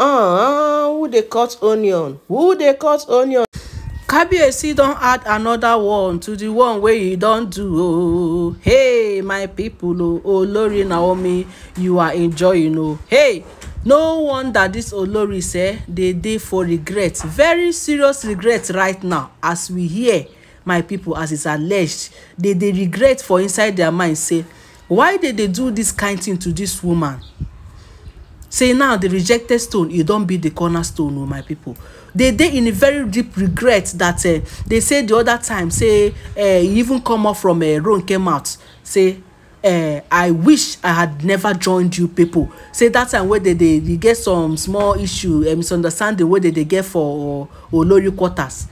uh, who dey cut onion who dey cut onion. kabiyesi don add anoda one to di one wey e don do ooo hey my pipo o olori naomi you are enjoying o hey no wonder dis olori say dey dey for regret very serious regret right now as we hear my pipo as its alleged dey dey regret for inside their mind say why dey dey do dis kain tin to dis woman say now the rejected stone e don be the cornerstone o oh, my people they dey in a very deep regret that uh, they say the other time say uh, e even come up from uh, eh, ronke mouth say uh, i wish i had never joined you people say that time wey dey dey dey get some small issue uh, misunderstanding wey dey dey get for uh, olori quarters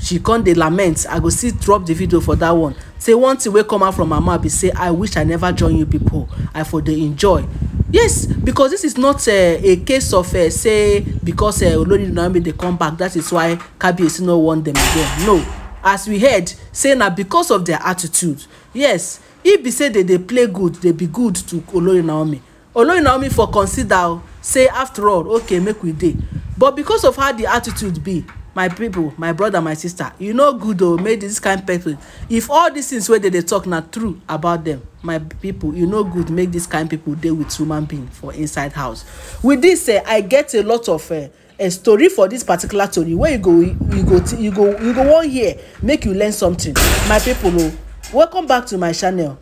she come dey lament i go still drop the video for that one say one thing wey come out from her mouth be say i wish i never join you people i for dey enjoy yes because this is not uh, a case of uh, say because uh, olori naomi dey come back that is why kabiyesi no want them again no as we heard say na because of their attitude yes if be say they dey play good they be good to olori naomi olori naomi for consider say after all okay make we dey but because of how the attitude be my people, my brother, my sister you know good o make dis kind people. if all these things wey they dey talk na true about them, my people, you know good make dis kind people dey with human being for inside house with this dis eh, i get a lot of eh, a story for this particular story wey you go you go you go you go wan hear make you learn something my people o oh, welcome back to my channel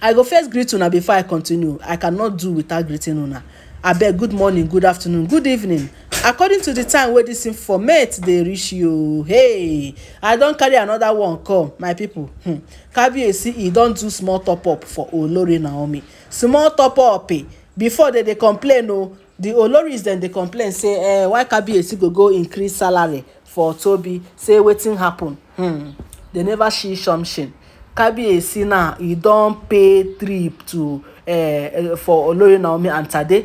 i go first greet una before i continue i cannot do without greeting una abeg good morning good afternoon good evening according to the time wey this informate dey reach you hey i don carry another one come my pipo hmm kabiyesi e don do small top up for olori naomi small top up eh before dem dey complain o oh, the oloris dem dey complain say eh why kabiyesi go go increase salary for tobi say wetin happen hmm dem never see something kabiyesi now e don pay trip to eh, eh for olori naomi and tade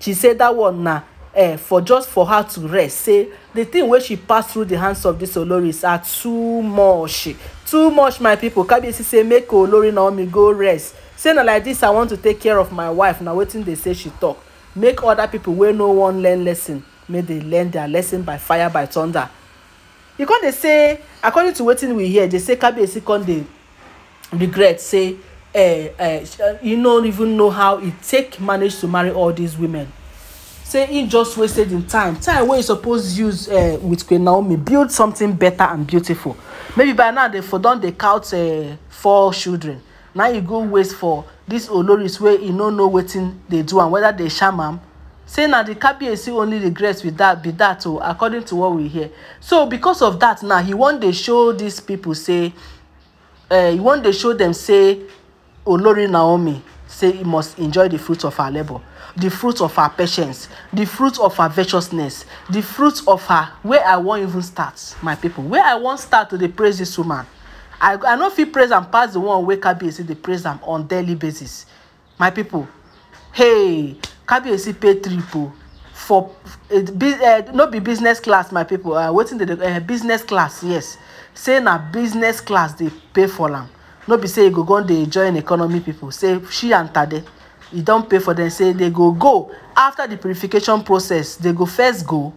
she say that one na uh, for just for her to rest say the thing wey she pass through the hands of this oloris are ah, too much too much my people kabiyesi say make olori naomi go rest say na like this i want to take care of my wife na wetin dey say she talk make other people wey no wan learn lesson May they learn their lesson by fire by thunder e come dey say according to wetin we hear dey say kabiyesi come dey regret say uh, eh, uh, eh, he e no even know how he take manage to marry all these women say he just wasted him time time wey he suppose use uh, with queen naomi build something better and beautiful maybe by now they for don dey count uh, four children Now you go waste for this oloris wey e no know wetin dey do am whether they sham am say na the kabiyesi only regret with that be that o oh, according to what we hear so because of that now he wan dey show these people say uh, he wan dey show them say olori naomi say he must enjoy the fruit of her labour the fruit of her patience the fruit of her virtuousness the fruit of her where i wan even start my people where i wan start to dey praise this woman i i no fit praise am pass the one wey kabiyesi dey praise am on daily basis my people hey kabiyesi pay trip o for uh, eh, be, uh, no be business class my people uh, wetin dey dey uh, business class yes say na business class dey pay for am no be say you go go dey join economy people say she and tade e don pay for them. say they go go after the purification process they go first go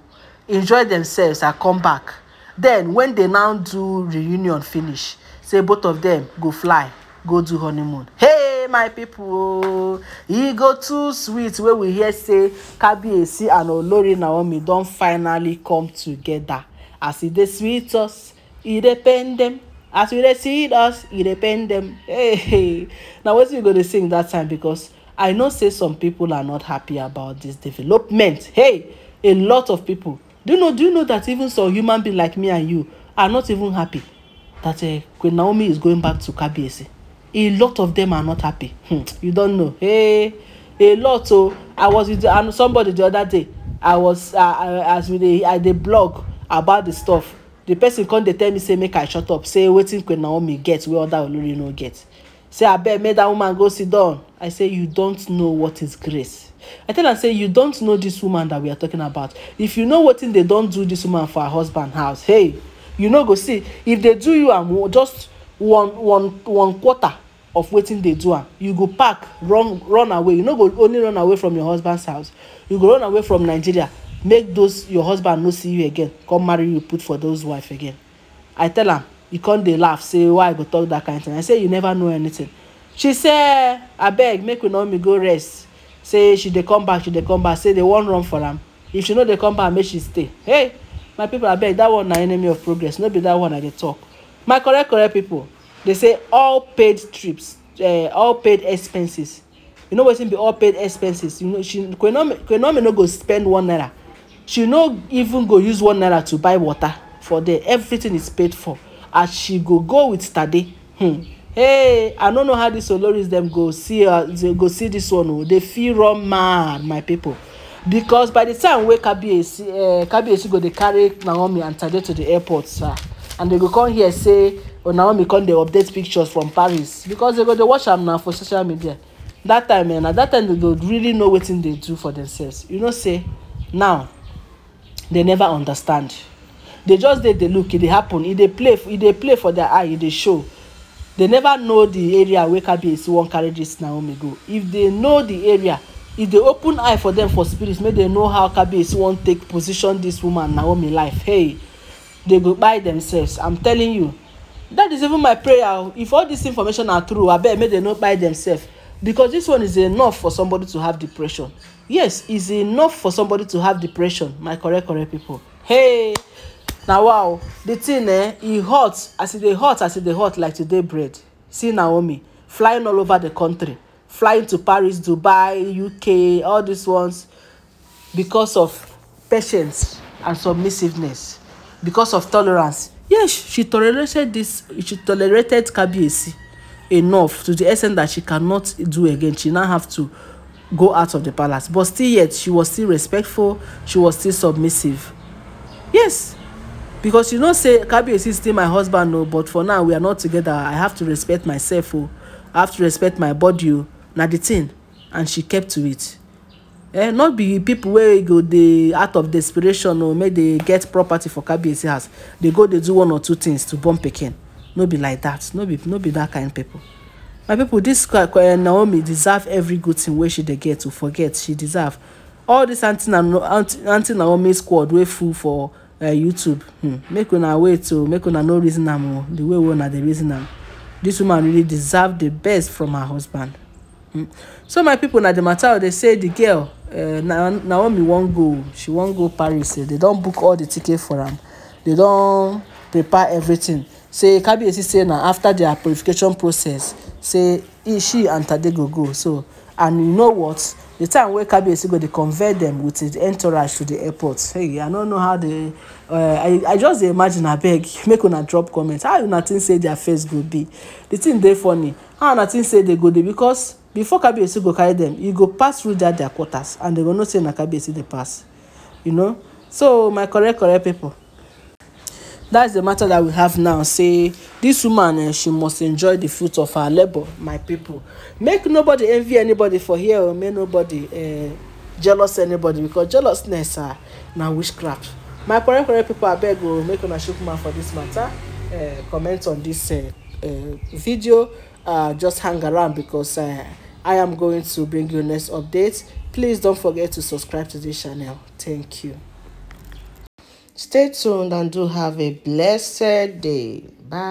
enjoy themselves and come back then when they now do reunion finish say both of them go fly go do honeymoon hey my people ooo oh, e go too sweet wey we hear say kabiyesi and olori naomi don finally come together as e dey sweet us e dey pain dem as we dey see us e dey pain dem hey hey na wetin we go dey sing that time because i know say some people are not happy about this development hey a lot of people do you know do you know that even some human being like me and you are not even happy that uh, queen naomi is going back to kabiyesi a lot of them are not happy hmm, you don't know hey a lot So oh. i was with somebody the other day i was uh, uh as we dey i blog about the stuff the person come dey tell me say make i shut up say waiting queen naomi get wey other olori no get say abeg make dat woman go sit down i say you don't know what is grace i tell am say you don't know this woman that we are talking about if you know wetin dey don do this woman for her husband house hey you no go see if they do you am just one one one quarter of wetin dey do am you go pack run run away you no go only run away from your husband's house you go run away from nigeria make those your husband no see you again come marry you put for those wife again i tell am e come dey laugh say why i go talk dat kain thing i say you never know anything she say abeg make we me go rest say she dey come back she dey come back say they wan run for am if she no dey come back make she stay hey my people abeg that one na enemy of progress no be that one i dey talk my correct correct people dey say all paid trips uh, all paid expenses you know wetin be all paid expenses you know she kwenomi no go spend one naira she no even go use one naira to buy water for there everything is paid for as she go go with tade hmm. hey i no know how these oloris dem go see uh, go see this one o dey feel run mad my people. because by the time wey kabiyesi uh, kabiyesi go dey carry naomi and tade to the airport sir and dem go come hear say oh, naomi come dey update pictures from paris because dem go dey watch am na for social media that time eh, na that time dem go really know wetin dey do for themselves you know say now dem never understand dey just dey dey look e dey happen e dey play e dey play for their eye e dey show they never know the area wey kabiyesi wan carry this naomi go if they know the area e dey open eye for them for spirit make they know how kabiyesi wan take position this woman naomi life hey they go kpai themselves i'm telling you that is even my prayer if all this information na true abeg make they no buy themselves because this one is enough for somebody to have depression yes is enough for somebody to have depression my correct correct people hey na wow the thing eh e hot as e dey hot as e dey hot like today bread see naomi flying all over the country flying to paris dubai uk all these ones because of patience and submissiveness because of tolerance yes she tolerated this she tolerated kabiyesi enough to the extent that she cannot do again she now have to go out of the palace but still yet she was still respectful she was still submissive yes because you know say kabiyesi still my husband o oh, but for now we are not together i have to respect myself o oh. i have to respect my body o oh. na the thing and she kept to it eh not be people wey go dey out of desperation o make dey get property for kabiyesi house dey go dey do one or two things to born pikin no be like that no be no be that kind people my people this uh, naomi deserve every good thing wey she dey get to forget she deserve all this auntie Na aunty, auntie naomi squad wey full for Eh, youtube hmm. make una wait o oh. make una no reason am o oh. the way wey una dey reason am dis woman really deserve the best from her husband hmm. so my people na the matter dey say the girl eh, na naomi wan go she wan go paris say eh. dem don book all the ticket for am They don prepare everything say kabiyesi say na after dia purification process say she and tade go go so and you know what the time wey kabiyesi go dey convey dem with the entourage to the airport hey i no know how the uh, i i just dey imagine abeg make una drop comment how una think say their face go be the thing dey funny how una think say they go dey because before kabiyesi go carry dem e go pass through that their quarters and they go know say na kabiyesi dey pass you know so my correct correct people that's the matter that we have now say This woman eh, she must enjoy the fruit of her labor, my people make nobody envy anybody for here or oh. make nobody eh, jealous anybody because jealousness ah na witchcraft my correct correct people abeg o oh, make una chook mouth for this matter eh, comment on this eh, eh, video uh, just hang around because uh, i am going to bring you next update please don't forget to subscribe to this channel thank you stay tuned and do have a blessed day bye